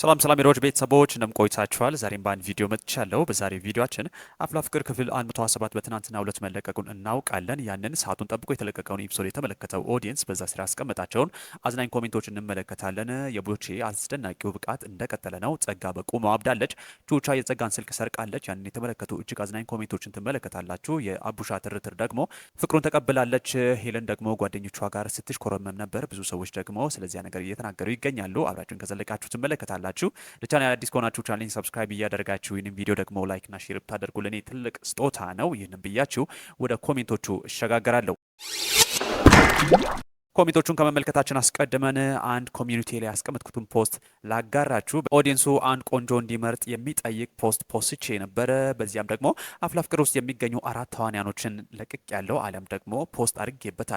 ሰላም ሰላም የሮጅ ቤተሰቦች እንደምን ቆይታችኋል? ዛሬም በአንድ ቪዲዮ መጥቻለሁ። በዛሬ ቪዲዮችን አፍላ ፍቅር ክፍል 127 በትናንትና ሁለት መለቀቁን እናውቃለን። ያንን ሰዓቱን ጠብቆ የተለቀቀውን ኤፒሶድ የተመለከተው ኦዲየንስ በዛ ስራ ያስቀመጣቸውን አዝናኝ ኮሜንቶች እንመለከታለን። የቡቼ አስደናቂው ብቃት እንደቀጠለ ነው። ጸጋ በቁሟ አብዳለች። ቹቻ የጸጋን ስልክ ሰርቃለች። ያንን የተመለከቱ እጅግ አዝናኝ ኮሜንቶችን ትመለከታላችሁ። የአቡሻ ትርትር ደግሞ ፍቅሩን ተቀብላለች። ሄለን ደግሞ ጓደኞቿ ጋር ስትሽኮረመም ነበር። ብዙ ሰዎች ደግሞ ስለዚያ ነገር እየተናገሩ ይገኛሉ። አብራችሁን ከዘለቃችሁ ትመለከታላችሁ። ትችላላችሁ። ለቻናል አዲስ ከሆናችሁ ቻናሌን ሰብስክራይብ እያደረጋችሁ ይህንም ቪዲዮ ደግሞ ላይክና ሼር ብታደርጉ ለእኔ ትልቅ ስጦታ ነው። ይህንም ብያችሁ ወደ ኮሜንቶቹ እሸጋገራለሁ። ኮሚቶቹን ከመመልከታችን አስቀድመን አንድ ኮሚኒቲ ላይ ያስቀመጥኩትን ፖስት ላጋራችሁ። ኦዲየንሱ አንድ ቆንጆ እንዲመርጥ የሚጠይቅ ፖስት ፖስቼ ነበረ። በዚያም ደግሞ አፍላ ፍቅር ውስጥ የሚገኙ አራት ተዋንያኖችን ለቅቅ ያለው አሊያም ደግሞ ፖስት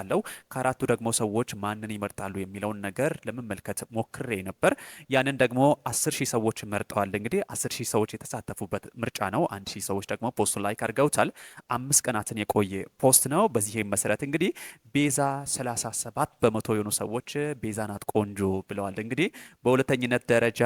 አለው። ከአራቱ ደግሞ ሰዎች ማንን ይመርጣሉ የሚለውን ነገር ለመመልከት ሞክሬ ነበር። ያንን ደግሞ አስር ሺህ ሰዎች መርጠዋል። እንግዲህ አስር ሺህ ሰዎች የተሳተፉበት ምርጫ ነው። አንድ ሺህ ሰዎች ደግሞ ፖስቱን ላይክ አድርገውታል። አምስት ቀናትን የቆየ ፖስት ነው። በዚህም መሰረት እንግዲህ ቤዛ 37 በመቶ የሆኑ ሰዎች ቤዛ ናት ቆንጆ ብለዋል። እንግዲህ በሁለተኝነት ደረጃ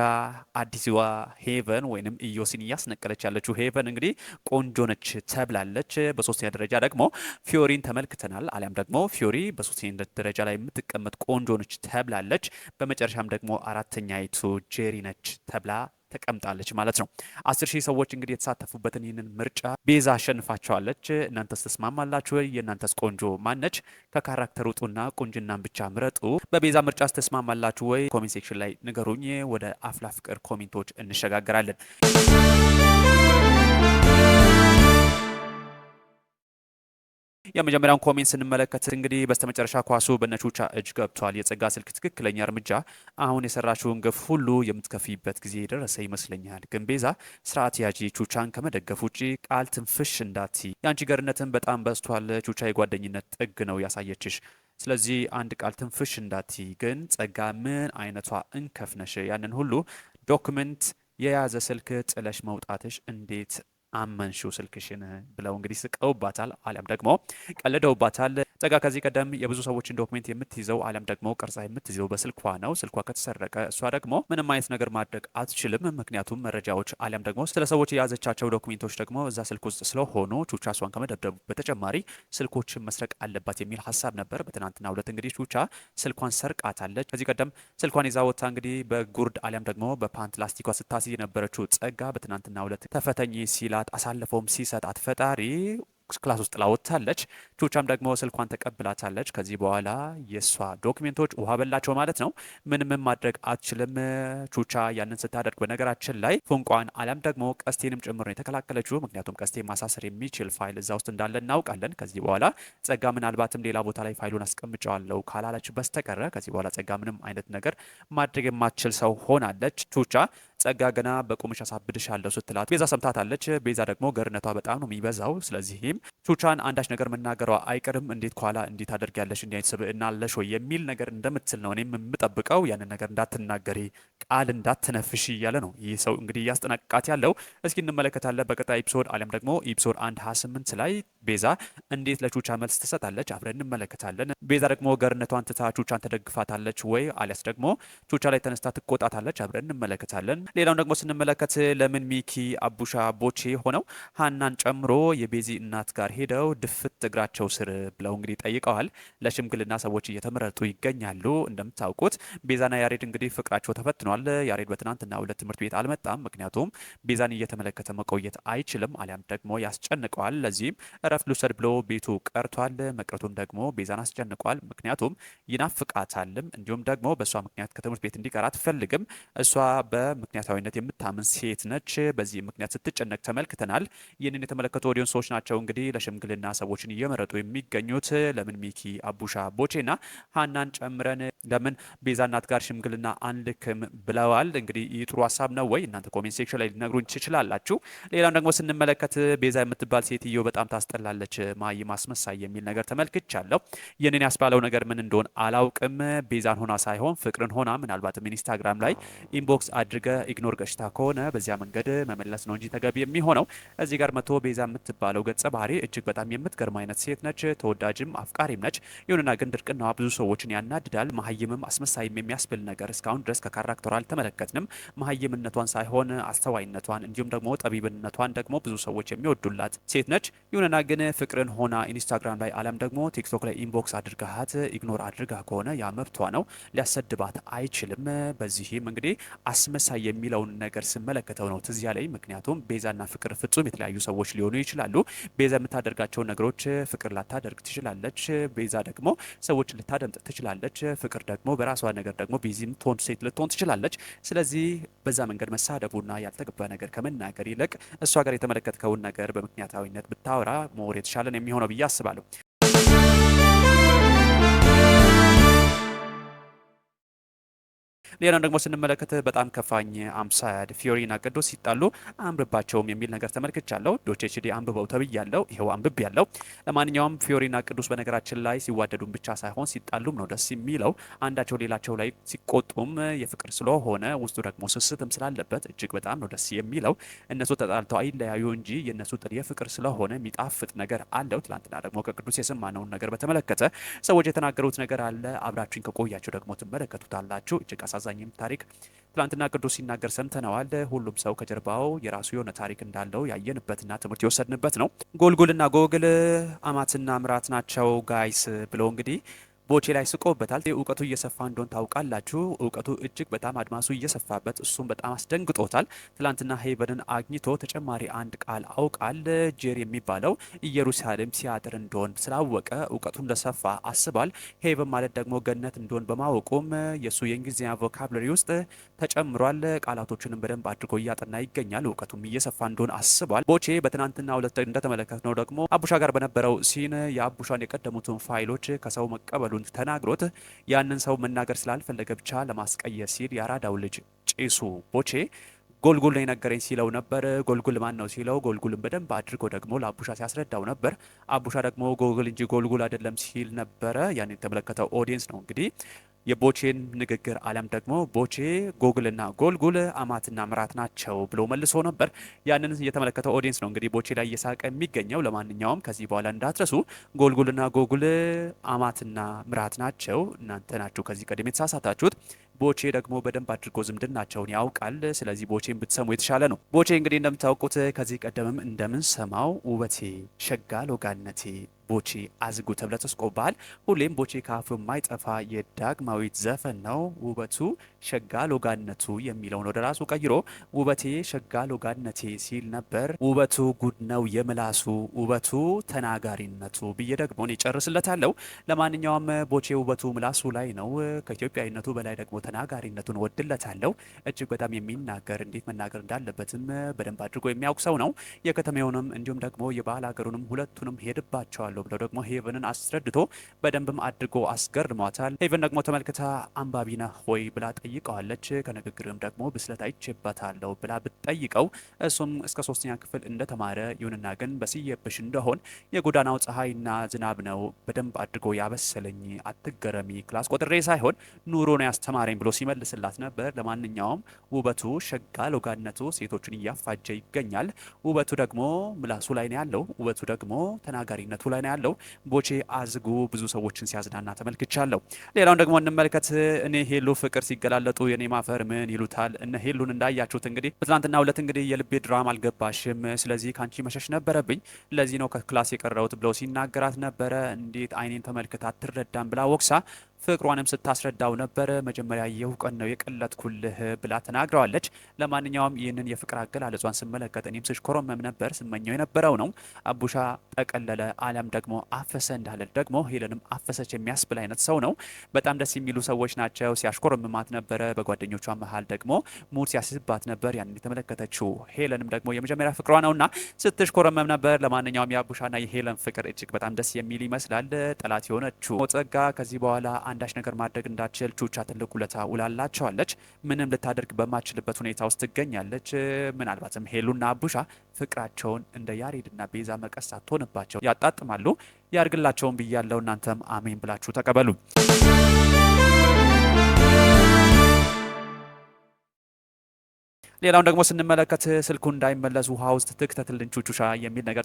አዲስዋ ሄቨን ወይም ኢዮሲን እያስነቀለች ያለችው ሄቨን እንግዲህ ቆንጆ ነች ተብላለች። በሶስተኛ ደረጃ ደግሞ ፊዮሪን ተመልክተናል። አሊያም ደግሞ ፊዮሪ በሶስተኝነት ደረጃ ላይ የምትቀመጥ ቆንጆ ነች ተብላለች። በመጨረሻም ደግሞ አራተኛይቱ ጄሪ ነች ተብላ ተቀምጣለች ማለት ነው። አስር ሺህ ሰዎች እንግዲህ የተሳተፉበትን ይህንን ምርጫ ቤዛ አሸንፋቸዋለች። እናንተስ ተስማማላችሁ? የእናንተስ ቆንጆ ማነች? ከካራክተር ውጡና ቁንጅናን ብቻ ምረጡ። በቤዛ ምርጫስ ተስማማላችሁ ወይ? ኮሜንት ሴክሽን ላይ ንገሩኝ። ወደ አፍላ ፍቅር ኮሜንቶች እንሸጋገራለን። የመጀመሪያውን ኮሜንት ስንመለከት እንግዲህ በስተመጨረሻ ኳሱ በነቹቻ እጅ ገብቷል። የጸጋ ስልክ ትክክለኛ እርምጃ። አሁን የሰራችውን ግፍ ሁሉ የምትከፊበት ጊዜ የደረሰ ይመስለኛል። ግን ቤዛ ስርዓት ያጂ ቹቻን ከመደገፍ ውጭ ቃል ትንፍሽ እንዳቲ። የአንቺ ገርነትን በጣም በዝቷል። ቹቻ የጓደኝነት ጥግ ነው ያሳየችሽ። ስለዚህ አንድ ቃል ትንፍሽ እንዳቲ። ግን ጸጋ ምን አይነቷ እንከፍነሽ! ያንን ሁሉ ዶክመንት የያዘ ስልክ ጥለሽ መውጣትሽ እንዴት አመንሹ ስልክሽን ብለው እንግዲህ ስቀውባታል፣ አሊያም ደግሞ ቀልደውባታል። ጸጋ ከዚህ ቀደም የብዙ ሰዎችን ዶክሜንት የምትይዘው አሊያም ደግሞ ቅርጻ የምትይዘው በስልኳ ነው። ስልኳ ከተሰረቀ እሷ ደግሞ ምንም አይነት ነገር ማድረግ አትችልም። ምክንያቱም መረጃዎች አሊያም ደግሞ ስለ ሰዎች የያዘቻቸው ዶክሜንቶች ደግሞ እዛ ስልክ ውስጥ ስለሆኑ ቹቻ እሷን ከመደብደቡ በተጨማሪ ስልኮችን መስረቅ አለባት የሚል ሀሳብ ነበር። በትናንትና ሁለት እንግዲህ ቹቻ ስልኳን ሰርቃታለች። ከዚህ ቀደም ስልኳን ይዛ ወታ እንግዲህ በጉርድ አሊያም ደግሞ በፓንት ላስቲኳ ስታስይ የነበረችው ጸጋ በትናንትና ሁለት ተፈተኝ ሲላ አድርጋላት አሳልፈውም ሲሰጣት ፈጣሪ ክላስ ውስጥ ላወታለች። ቹቻም ደግሞ ስልኳን ተቀብላታለች። ከዚህ በኋላ የእሷ ዶክሜንቶች ውሃ በላቸው ማለት ነው። ምንም ማድረግ አትችልም። ቹቻ ያንን ስታደርግ በነገራችን ላይ ፉንቋን አሊያም ደግሞ ቀስቴንም ጭምር ነው የተከላከለችው። ምክንያቱም ቀስቴ ማሳሰር የሚችል ፋይል እዛ ውስጥ እንዳለ እናውቃለን። ከዚህ በኋላ ጸጋ ምናልባትም ሌላ ቦታ ላይ ፋይሉን አስቀምጨዋለሁ ካላለች በስተቀረ ከዚህ በኋላ ጸጋ ምንም አይነት ነገር ማድረግ የማትችል ሰው ሆናለች ቹቻ ጸጋ ገና በቁምሽ አሳብድሻለሁ ስትላት ቤዛ ሰምታታለች። ቤዛ ደግሞ ገርነቷ በጣም ነው የሚበዛው። ስለዚህም ቹቻን አንዳች ነገር መናገሯ አይቀርም። እንዴት ኳላ እንዴት አደርጊያለሽ እንዲህ አይነት ስብዕና አለሽ ወይ የሚል ነገር እንደምትል ነው እኔም የምጠብቀው። ያንን ነገር እንዳትናገሪ ቃል እንዳትነፍሽ እያለ ነው ይህ ሰው እንግዲህ እያስጠነቅቃት ያለው። እስኪ እንመለከታለን በቀጣይ ኤፒሶድ አሊያም ደግሞ ኤፒሶድ አንድ ሀያ ላይ ቤዛ እንዴት ለቹቻ መልስ ትሰጣለች? አብረን እንመለከታለን። ቤዛ ደግሞ ገርነቷን ትታ ቹቻን ትደግፋታለች ወይ አሊያስ ደግሞ ቹቻ ላይ ተነስታ ትቆጣታለች? አብረን እንመለከታለን። ሌላውን ደግሞ ስንመለከት ለምን ሚኪ አቡሻ ቦቼ ሆነው ሀናን ጨምሮ የቤዚ እናት ጋር ሄደው ድፍት እግራቸው ስር ብለው እንግዲህ ጠይቀዋል። ለሽምግልና ሰዎች እየተመረጡ ይገኛሉ። እንደምታውቁት ቤዛና ያሬድ እንግዲህ ፍቅራቸው ተፈትኗል። ያሬድ በትናንትናው ሁለት ትምህርት ቤት አልመጣም። ምክንያቱም ቤዛን እየተመለከተ መቆየት አይችልም፣ አሊያም ደግሞ ያስጨንቀዋል። ለዚህም ረፍ ልውሰድ ብሎ ቤቱ ቀርቷል። መቅረቱም ደግሞ ቤዛን አስጨንቋል። ምክንያቱም ይናፍቃታልም፣ እንዲሁም ደግሞ በእሷ ምክንያት ከትምህርት ቤት እንዲቀራ አትፈልግም። እሷ በምክንያታዊነት የምታምን ሴት ነች። በዚህ ምክንያት ስትጨነቅ ተመልክተናል። ይህንን የተመለከቱ ኦዲዮን ሰዎች ናቸው እንግዲህ ለሽምግልና ሰዎችን እየመረጡ የሚገኙት ለምን ሚኪ አቡሻ ቦቼና ሀናን ጨምረን ለምን ቤዛ እናት ጋር ሽምግልና አንልክም ብለዋል። እንግዲህ ይህ ጥሩ ሀሳብ ነው ወይ እናንተ ኮሜንት ሴክሽን ላይ ሊነግሩኝ ትችላላችሁ። ሌላም ደግሞ ስንመለከት ቤዛ የምትባል ሴትዮ በጣም ታስጠ ትቀጥላለች ማይ ማስመሳይ የሚል ነገር ተመልክቻለሁ። ይህንን ያስባለው ነገር ምን እንደሆን አላውቅም። ቤዛን ሆና ሳይሆን ፍቅርን ሆና ምናልባትም ኢንስታግራም ላይ ኢንቦክስ አድርገ ኢግኖር ገሽታ ከሆነ በዚያ መንገድ መመለስ ነው እንጂ ተገቢ የሚሆነው እዚህ ጋር መቶ ቤዛ የምትባለው ገጸ ባህሪ እጅግ በጣም የምትገርም አይነት ሴት ነች። ተወዳጅም አፍቃሪም ነች። ይሁንና ግን ድርቅናዋ ብዙ ሰዎችን ያናድዳል። መሀይምም አስመሳይም የሚያስብል ነገር እስካሁን ድረስ ከካራክተሯ አልተመለከትንም። መሀይምነቷን ሳይሆን አስተዋይነቷን እንዲሁም ደግሞ ጠቢብነቷን ደግሞ ብዙ ሰዎች የሚወዱላት ሴት ነች። ይሁንና ግን ፍቅርን ሆና ኢንስታግራም ላይ አለም ደግሞ ቲክቶክ ላይ ኢንቦክስ አድርጋሃት ኢግኖር አድርጋ ከሆነ ያ መብቷ ነው፣ ሊያሰድባት አይችልም። በዚህም እንግዲህ አስመሳይ የሚለውን ነገር ስመለከተው ነው ትዚያ ላይ ምክንያቱም ቤዛና ፍቅር ፍጹም የተለያዩ ሰዎች ሊሆኑ ይችላሉ። ቤዛ የምታደርጋቸው ነገሮች ፍቅር ላታደርግ ትችላለች። ቤዛ ደግሞ ሰዎች ልታደምጥ ትችላለች። ፍቅር ደግሞ በራሷ ነገር ደግሞ ቢዚም ቶን ሴት ልትሆን ትችላለች። ስለዚህ በዛ መንገድ መሳደቡና ያልተገባ ነገር ከመናገር ይልቅ እሷ ጋር የተመለከትከውን ነገር በምክንያታዊነት ብታወራ مورد شال نمی هونو بیاس بالو ሌላው ደግሞ ስንመለከት በጣም ከፋኝ አምሳያድ ፊዮሪና ቅዱስ ሲጣሉ አንብባቸውም የሚል ነገር ተመልክቻለሁ። ዶቼችዲ አንብበው ተብያለሁ። ይኸው አንብብ ያለው ለማንኛውም ፊዮሪና ቅዱስ በነገራችን ላይ ሲዋደዱም ብቻ ሳይሆን ሲጣሉም ነው ደስ የሚለው። አንዳቸው ሌላቸው ላይ ሲቆጡም የፍቅር ስለሆነ ውስጡ ደግሞ ስስትም ስላለበት እጅግ በጣም ነው ደስ የሚለው። እነሱ ተጣልተው አይለያዩ እንጂ የእነሱ ጥል የፍቅር ስለሆነ የሚጣፍጥ ነገር አለው። ትላንትና ደግሞ ከቅዱስ የሰማነውን ነገር በተመለከተ ሰዎች የተናገሩት ነገር አለ። አብራችሁኝ ከቆያቸው ደግሞ ትመለከቱታላችሁ። እጅግ አሳዛ አሳዛኝም ታሪክ ትላንትና ቅዱስ ሲናገር ሰምተነዋል። ሁሉም ሰው ከጀርባው የራሱ የሆነ ታሪክ እንዳለው ያየንበትና ትምህርት የወሰድንበት ነው። ጎልጎልና ጎግል አማትና ምራት ናቸው ጋይስ ብሎ እንግዲህ ቦቼ ላይ ስቆበታል። እውቀቱ እየሰፋ እንደሆን ታውቃላችሁ። እውቀቱ እጅግ በጣም አድማሱ እየሰፋበት እሱም በጣም አስደንግጦታል። ትላንትና ሄቨንን አግኝቶ ተጨማሪ አንድ ቃል አውቃል ጄር የሚባለው ኢየሩሳሌም ሲያጥር እንደሆን ስላወቀ እውቀቱ ለሰፋ አስባል። ሄቨን ማለት ደግሞ ገነት እንደሆን በማወቁም የእሱ የእንግሊዝኛ ቮካብለሪ ውስጥ ተጨምሯል። ቃላቶችንም በደንብ አድርጎ እያጠና ይገኛል። እውቀቱም እየሰፋ እንደሆን አስባል። ቦቼ በትናንትና ሁለት እንደተመለከት ነው ደግሞ አቡሻ ጋር በነበረው ሲን የአቡሻን የቀደሙትን ፋይሎች ከሰው መቀበሉ ፈቃዱን ተናግሮት ያንን ሰው መናገር ስላልፈለገ ብቻ ለማስቀየር ሲል የአራዳው ልጅ ጭሱ ቦቼ ጎልጉል ነው የነገረኝ ሲለው ነበር። ጎልጉል ማን ነው ሲለው ጎልጉልን በደንብ አድርጎ ደግሞ ለአቡሻ ሲያስረዳው ነበር። አቡሻ ደግሞ ጎግል እንጂ ጎልጉል አይደለም ሲል ነበረ። ያን የተመለከተው ኦዲየንስ ነው እንግዲህ የቦቼን ንግግር አለም ደግሞ ቦቼ ጎግልና ጎልጉል አማትና ምራት ናቸው ብሎ መልሶ ነበር። ያንን የተመለከተው ኦዲየንስ ነው እንግዲህ ቦቼ ላይ እየሳቀ የሚገኘው። ለማንኛውም ከዚህ በኋላ እንዳትረሱ፣ ጎልጉልና ጎግል አማትና ምራት ናቸው፣ እናንተ ናችሁ ከዚህ ቀደም የተሳሳታችሁት። ቦቼ ደግሞ በደንብ አድርጎ ዝምድናቸውን ያውቃል። ስለዚህ ቦቼን ብትሰሙ የተሻለ ነው። ቦቼ እንግዲህ እንደምታውቁት ከዚህ ቀደምም እንደምንሰማው ውበቴ፣ ሸጋ ሎጋነቴ ቦቼ አዝጉ ተብለ ተስቆባል። ሁሌም ቦቼ ከአፉ የማይጠፋ የዳግማዊት ዘፈን ነው። ውበቱ ሸጋ ሎጋነቱ የሚለውን ወደ ራሱ ቀይሮ ውበቴ ሸጋ ሎጋነቴ ሲል ነበር። ውበቱ ጉድ ነው የምላሱ ውበቱ ተናጋሪነቱ ብዬ ደግሞ እኔ ጨርስለታለሁ። ለማንኛውም ቦቼ ውበቱ ምላሱ ላይ ነው። ከኢትዮጵያዊነቱ በላይ ደግሞ ተናጋሪነቱን ወድለታለሁ። እጅግ በጣም የሚናገር እንዴት መናገር እንዳለበትም በደንብ አድርጎ የሚያውቅ ሰው ነው። የከተማውንም እንዲሁም ደግሞ የባህል ሀገሩንም ሁለቱንም ሄድባቸዋለሁ ብለው ደግሞ ሄቨንን አስረድቶ በደንብም አድርጎ አስገርሟታል። ሄቨን ደግሞ ተመልክታ አንባቢና ሆይ ብላ ጠይቀዋለች። ከንግግርም ደግሞ ብስለት አይቼበታለሁ ብላ ብትጠይቀው እሱም እስከ ሶስተኛ ክፍል እንደተማረ ይሁንና ግን በስየብሽ እንደሆን የጎዳናው ፀሐይና ዝናብ ነው በደንብ አድርጎ ያበሰለኝ። አትገረሚ ክላስ ቆጥሬ ሳይሆን ኑሮ ነው ያስተማረኝ ብሎ ሲመልስላት ነበር። ለማንኛውም ውበቱ ሸጋ ሎጋነቱ ሴቶችን እያፋጀ ይገኛል። ውበቱ ደግሞ ምላሱ ላይ ነው ያለው። ውበቱ ደግሞ ተናጋሪነቱ ላይ ነው ያለው። ቦቼ አዝጉ ብዙ ሰዎችን ሲያዝናና ተመልክቻለሁ። ሌላውን ደግሞ እንመልከት። እኔ ሄሉ ፍቅር ሲገላለጡ የኔ ማፈር ምን ይሉታል? እነ ሄሉን እንዳያችሁት እንግዲህ በትናንትና ሁለት እንግዲህ የልቤ ድራም አልገባሽም፣ ስለዚህ ከአንቺ መሸሽ ነበረብኝ፣ ለዚህ ነው ከክላስ የቀረውት ብለው ሲናገራት ነበረ። እንዴት አይኔን ተመልክታ አትረዳም ብላ ወቅሳ ፍቅሯንም ስታስረዳው ነበር መጀመሪያ የውቀን ነው የቀለጥኩልህ ብላ ተናግረዋለች። ለማንኛውም ይህንን የፍቅር አገላለጿን ስመለከት እኔም ስሽኮረመም ነበር፣ ስመኘው የነበረው ነው። አቡሻ ጠቀለለ፣ አሊያም ደግሞ አፈሰ እንዳለ ደግሞ ሄለንም አፈሰች የሚያስብል አይነት ሰው ነው። በጣም ደስ የሚሉ ሰዎች ናቸው። ሲያሽኮረምማት ነበረ፣ በጓደኞቿ መሀል ደግሞ ሙድ ሲያስይዝባት ነበር። ያንን የተመለከተችው ሄለንም ደግሞ የመጀመሪያ ፍቅሯ ነውና ስትሽኮረመም ነበር። ለማንኛውም የአቡሻና የሄለን ፍቅር እጅግ በጣም ደስ የሚል ይመስላል። ጠላት የሆነችው ጸጋ ከዚህ በኋላ አንዳች ነገር ማድረግ እንዳችል ቹቻ ትልቅ ውለታ ውላላቸዋለች። ምንም ልታደርግ በማችልበት ሁኔታ ውስጥ ትገኛለች። ምናልባትም ሄሉና አቡሻ ፍቅራቸውን እንደ ያሬድና ቤዛ መቀስ ሳትሆንባቸው ያጣጥማሉ። ያርግላቸውን ብያለው። እናንተም አሜን ብላችሁ ተቀበሉ። ሌላውን ደግሞ ስንመለከት ስልኩ እንዳይመለስ ውሃ ውስጥ ትክተትልን ቹቹሻ የሚል ነገር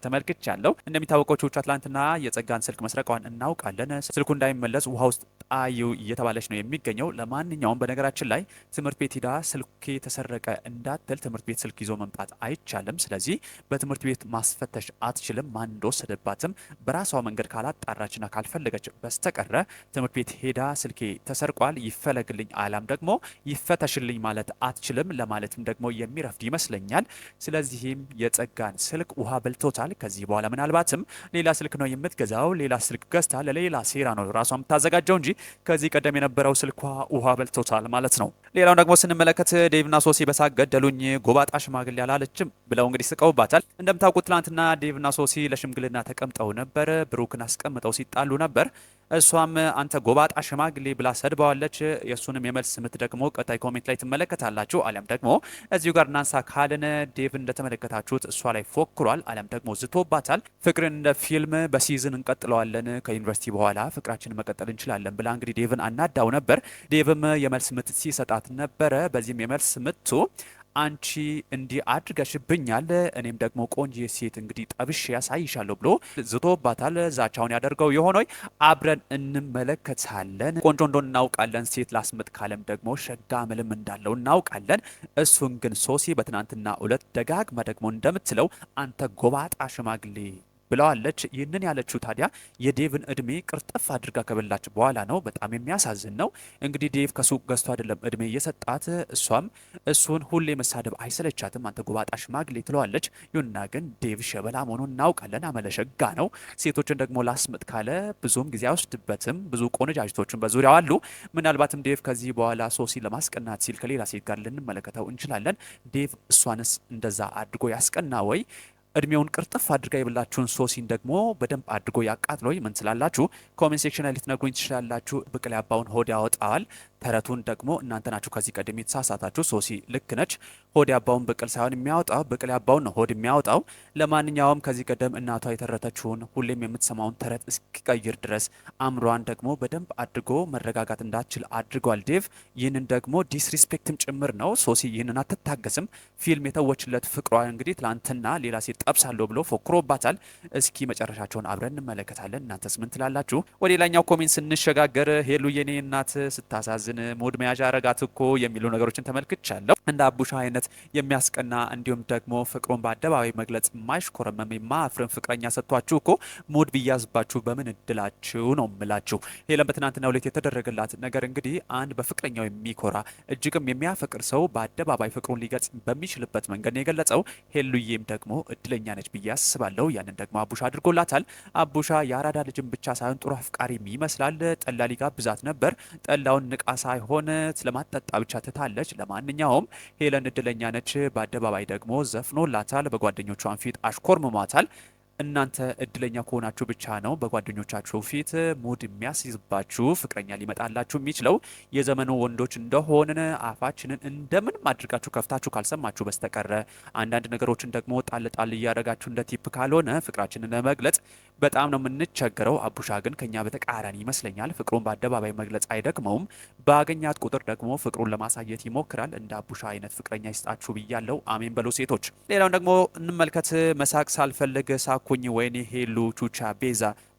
ያለው እንደሚታወቀው ቹቹ አትላንትና የጸጋን ስልክ መስረቀዋን እናውቃለን። ስልኩ እንዳይመለስ ውሃ ውስጥ ጣዩ እየተባለች ነው የሚገኘው። ለማንኛውም በነገራችን ላይ ትምህርት ቤት ሂዳ ስልኬ ተሰረቀ እንዳትል ትምህርት ቤት ስልክ ይዞ መምጣት አይቻልም። ስለዚህ በትምህርት ቤት ማስፈተሽ አትችልም። ማን እንደወሰደባትም በራሷ መንገድ ካላጣራችና ካልፈለገች በስተቀረ ትምህርት ቤት ሄዳ ስልኬ ተሰርቋል ይፈለግልኝ አላም ደግሞ ይፈተሽልኝ ማለት አትችልም። ለማለትም ደግሞ ደግሞ የሚረፍድ ይመስለኛል። ስለዚህም የጸጋን ስልክ ውሃ በልቶታል። ከዚህ በኋላ ምናልባትም ሌላ ስልክ ነው የምትገዛው። ሌላ ስልክ ገዝታ ለሌላ ሴራ ነው ራሷ የምታዘጋጀው እንጂ ከዚህ ቀደም የነበረው ስልኳ ውሃ በልቶታል ማለት ነው። ሌላውን ደግሞ ስንመለከት ዴቭና ሶሲ በሳቅ ገደሉኝ፣ ጎባጣ ሽማግሌ አላለችም ብለው እንግዲህ ስቀውባታል። እንደምታውቁት ትላንትና ዴቭና ሶሲ ለሽምግልና ተቀምጠው ነበር። ብሩክን አስቀምጠው ሲጣሉ ነበር። እሷም አንተ ጎባጣ ሽማግሌ ብላ ሰድባዋለች። የእሱንም የመልስ ምት ደግሞ ቀጣይ ኮሜንት ላይ ትመለከታላችሁ። አሊያም ደግሞ እዚሁ ጋር እናንሳ ካልን ዴቭ እንደተመለከታችሁት እሷ ላይ ፎክሯል፣ አሊያም ደግሞ ዝቶባታል። ፍቅርን እንደ ፊልም በሲዝን እንቀጥለዋለን ከዩኒቨርሲቲ በኋላ ፍቅራችን መቀጠል እንችላለን ብላ እንግዲህ ዴቭን አናዳው ነበር። ዴቭም የመልስ ምት ሲሰጣት ነበረ። በዚህም የመልስ ምቱ አንቺ እንዲህ አድርገሽብኛል፣ እኔም ደግሞ ቆንጆ ሴት እንግዲህ ጠብሽ ያሳይሻለሁ ብሎ ዝቶባታል። ዛቻውን ያደርገው የሆነው አብረን እንመለከታለን። ቆንጆ እንደሆነ እናውቃለን። ሴት ላስምጥ ካለም ደግሞ ሸጋ ምልም እንዳለው እናውቃለን። እሱን ግን ሶሲ በትናንትና ሁለት ደጋግማ ደግሞ እንደምትለው አንተ ጎባጣ ሽማግሌ ብለዋለች። ይህንን ያለችው ታዲያ የዴቭን እድሜ ቅርጥፍ አድርጋ ከበላች በኋላ ነው። በጣም የሚያሳዝን ነው። እንግዲህ ዴቭ ከሱቅ ገዝቶ አይደለም እድሜ እየሰጣት፣ እሷም እሱን ሁሌ መሳደብ አይሰለቻትም። አንተ ጎባጣ ሽማግሌ ትለዋለች። ይሁንና ግን ዴቭ ሸበላ መሆኑን እናውቃለን። አመለሸጋ ነው። ሴቶችን ደግሞ ላስምጥ ካለ ብዙም ጊዜ አይወስድበትም። ብዙ ቆነጃጅቶችን በዙሪያው አሉ። ምናልባትም ዴቭ ከዚህ በኋላ ሶሲ ለማስቀናት ሲል ከሌላ ሴት ጋር ልንመለከተው እንችላለን። ዴቭ እሷንስ እንደዛ አድጎ ያስቀና ወይ? እድሜውን ቅርጥፍ አድርጋ የብላችሁን ሶሲን ደግሞ በደንብ አድርጎ ያቃጥሎ ምን ስላላችሁ ኮሜንት ሴክሽን ላይ ልትነግሩኝ ትችላላችሁ። ብቅላ ያባውን ሆድ ያወጣዋል ተረቱን ደግሞ እናንተ ናችሁ ከዚህ ቀደም የተሳሳታችሁ። ሶሲ ልክ ነች። ሆድ ያባውን ብቅል ሳይሆን የሚያወጣው ብቅል ያባውን ነው ሆድ የሚያወጣው። ለማንኛውም ከዚህ ቀደም እናቷ የተረተችውን ሁሌም የምትሰማውን ተረት እስኪቀይር ድረስ አእምሯን ደግሞ በደንብ አድርጎ መረጋጋት እንዳትችል አድርጓል ዴቭ። ይህንን ደግሞ ዲስሪስፔክትም ጭምር ነው። ሶሲ ይህንን አትታገስም። ፊልም የተወችለት ፍቅሯ እንግዲህ ትላንትና ሌላ ሴት ጠብሳለሁ ብሎ ፎክሮባታል። እስኪ መጨረሻቸውን አብረን እንመለከታለን። እናንተስ ምን ትላላችሁ? ወደ ሌላኛው ኮሜንት ስንሸጋገር ሄሉ የኔ እናት ስታሳዝ ሀገራችን ሞድ መያዣ አረጋት እኮ የሚሉ ነገሮችን ተመልክቻለሁ። እንደ አቡሻ አይነት የሚያስቀና እንዲሁም ደግሞ ፍቅሩን በአደባባይ መግለጽ የማይሽኮረመም የማያፍርን ፍቅረኛ ሰጥቷችሁ እኮ ሞድ ብያዝባችሁ በምን እድላችሁ ነው የምላችሁ። ሄለን በትናንትና ዕለት የተደረገላት ነገር እንግዲህ አንድ በፍቅረኛው የሚኮራ እጅግም የሚያፈቅር ሰው በአደባባይ ፍቅሩን ሊገልጽ በሚችልበት መንገድ ነው የገለጸው። ሄሉዬም ደግሞ እድለኛ ነች ብዬ አስባለሁ። ያንን ደግሞ አቡሻ አድርጎላታል። አቡሻ የአራዳ ልጅም ብቻ ሳይሆን ጥሩ አፍቃሪም ይመስላል። ጠላ ብዛት ነበር። ጠላውን ንቃ ሳይሆን ስለማጠጣ ብቻ ትታለች። ለማንኛውም ሄለን እድለኛ ነች። በአደባባይ ደግሞ ዘፍኖላታል፣ በጓደኞቿን ፊት አሽኮርምሟታል። እናንተ እድለኛ ከሆናችሁ ብቻ ነው በጓደኞቻችሁ ፊት ሙድ የሚያስይዝባችሁ ፍቅረኛ ሊመጣላችሁ የሚችለው። የዘመኑ ወንዶች እንደሆንን አፋችንን እንደምንም አድርጋችሁ ከፍታችሁ ካልሰማችሁ በስተቀረ አንዳንድ ነገሮችን ደግሞ ጣልጣል እያደረጋችሁ እንደ ቲፕ ካልሆነ ፍቅራችንን ለመግለጽ በጣም ነው የምንቸገረው። አቡሻ ግን ከኛ በተቃራኒ ይመስለኛል። ፍቅሩን በአደባባይ መግለጽ አይደግመውም። በአገኛት ቁጥር ደግሞ ፍቅሩን ለማሳየት ይሞክራል። እንደ አቡሻ አይነት ፍቅረኛ ይስጣችሁ ብያለው። አሜን በሎ ሴቶች። ሌላውን ደግሞ እንመልከት። መሳቅ ሳልፈልግ ሳ kwenye weni helu chucha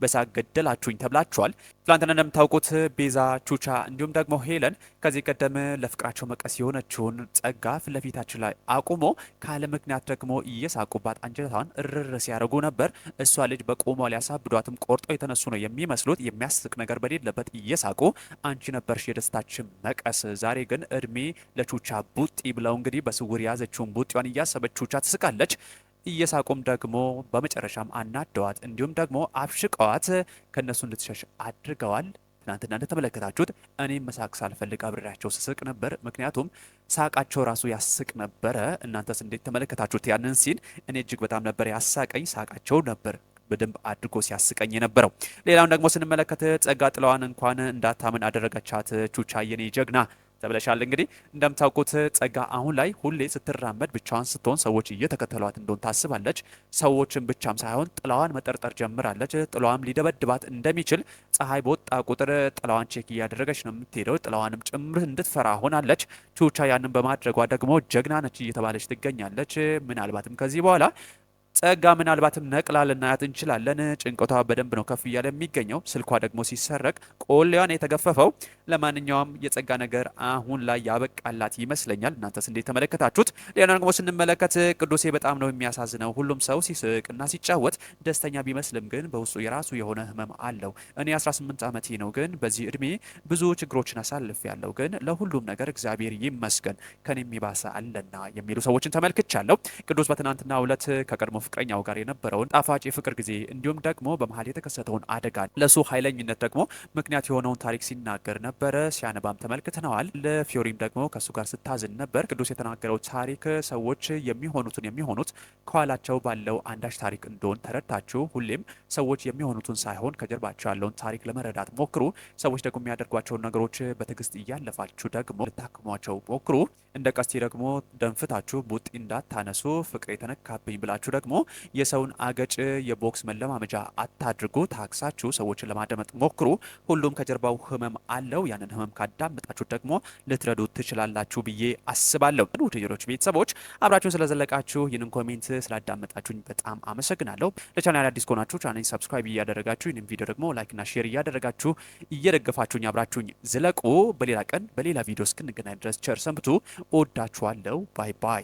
በሳቅ ገደላችሁኝ ተብላችኋል። ትላንትና እንደምታውቁት ቤዛ ቹቻ፣ እንዲሁም ደግሞ ሄለን ከዚህ ቀደም ለፍቅራቸው መቀስ የሆነችውን ጸጋ ፊት ለፊታችን ላይ አቁሞ ካለ ምክንያት ደግሞ እየሳቁባት አንጀታን እርር ሲያደርጉ ነበር። እሷ ልጅ በቆሟ ሊያሳብዷትም ቆርጠው የተነሱ ነው የሚመስሉት። የሚያስቅ ነገር በሌለበት እየሳቁ አንቺ ነበርሽ የደስታችን መቀስ፣ ዛሬ ግን እድሜ ለቹቻ ቡጢ ብለው እንግዲህ በስውር የያዘችውን ቡጢዋን እያሰበች ቹቻ ትስቃለች። እየሳቁም ደግሞ በመጨረሻም አናደዋት እንዲሁም ደግሞ አብሽቀዋል። በመግባት ከእነሱ እንድትሸሽ አድርገዋል። ትናንትና እንደተመለከታችሁት እኔም መሳቅ ሳልፈልግ አብሬያቸው ስስቅ ነበር። ምክንያቱም ሳቃቸው ራሱ ያስቅ ነበረ። እናንተስ እንዴት ተመለከታችሁት? ያንን ሲን እኔ እጅግ በጣም ነበር ያሳቀኝ። ሳቃቸው ነበር በደንብ አድርጎ ሲያስቀኝ የነበረው። ሌላውን ደግሞ ስንመለከት ጸጋ ጥለዋን እንኳን እንዳታምን አደረገቻት። ቹቻ የኔ ጀግና ተብለሻል። እንግዲህ እንደምታውቁት ጸጋ አሁን ላይ ሁሌ ስትራመድ ብቻዋን ስትሆን ሰዎች እየተከተሏት እንደሆን ታስባለች። ሰዎችን ብቻም ሳይሆን ጥላዋን መጠርጠር ጀምራለች። ጥላዋም ሊደበድባት እንደሚችል ፀሐይ በወጣ ቁጥር ጥላዋን ቼክ እያደረገች ነው የምትሄደው። ጥላዋንም ጭምር እንድትፈራ ሆናለች። ቹቻ ያንን በማድረጓ ደግሞ ጀግና ነች እየተባለች ትገኛለች። ምናልባትም ከዚህ በኋላ ጸጋ ምናልባትም ነቅላ ልናያት እንችላለን። ጭንቀቷ በደንብ ነው ከፍ እያለ የሚገኘው። ስልኳ ደግሞ ሲሰረቅ ቆሌዋን የተገፈፈው። ለማንኛውም የጸጋ ነገር አሁን ላይ ያበቃላት ይመስለኛል። እናንተስ እንዴት ተመለከታችሁት? ሌላ ደግሞ ስንመለከት ቅዱሴ በጣም ነው የሚያሳዝነው። ሁሉም ሰው ሲስቅና ሲጫወት ደስተኛ ቢመስልም ግን በውስጡ የራሱ የሆነ ህመም አለው። እኔ 18 ዓመቴ ነው፣ ግን በዚህ እድሜ ብዙ ችግሮችን አሳልፍ ያለው ግን ለሁሉም ነገር እግዚአብሔር ይመስገን ከኔ የሚባሰ አለና የሚሉ ሰዎችን ተመልክቻለሁ። ቅዱስ በትናንትና ዕለት ከቀድሞ ፍቅረኛው ጋር የነበረውን ጣፋጭ የፍቅር ጊዜ እንዲሁም ደግሞ በመሀል የተከሰተውን አደጋ ለሱ ኃይለኝነት ደግሞ ምክንያት የሆነውን ታሪክ ሲናገር ነበረ። ሲያነባም ተመልክተነዋል። ለፊዮሪም ደግሞ ከሱ ጋር ስታዝን ነበር። ቅዱስ የተናገረው ታሪክ ሰዎች የሚሆኑትን የሚሆኑት ከኋላቸው ባለው አንዳች ታሪክ እንደሆን ተረድታችሁ ሁሌም ሰዎች የሚሆኑትን ሳይሆን ከጀርባቸው ያለውን ታሪክ ለመረዳት ሞክሩ። ሰዎች ደግሞ የሚያደርጓቸውን ነገሮች በትዕግስት እያለፋችሁ ደግሞ ልታክሟቸው ሞክሩ። እንደ ቀስቲ ደግሞ ደንፍታችሁ ቡጢ እንዳታነሱ። ፍቅር የተነካብኝ ብላችሁ ደግሞ የሰውን አገጭ የቦክስ መለማመጃ አታድርጉ። ታክሳችሁ ሰዎችን ለማደመጥ ሞክሩ። ሁሉም ከጀርባው ህመም አለው። ያንን ህመም ካዳመጣችሁ ደግሞ ልትረዱ ትችላላችሁ ብዬ አስባለሁ። ሌሎች ቤተሰቦች አብራችሁን ስለዘለቃችሁ ይህንን ኮሜንት ስላዳመጣችሁኝ በጣም አመሰግናለሁ። ለቻናል አዲስ ከሆናችሁ ቻናል ሰብስክራይብ እያደረጋችሁ ይህንን ቪዲዮ ደግሞ ላይክና ሼር እያደረጋችሁ እየደገፋችሁኝ አብራችሁኝ ዝለቁ። በሌላ ቀን በሌላ ቪዲዮ እስክንገናኝ ድረስ ቸር ሰንብቱ። እወዳችኋለሁ። ባይ ባይ።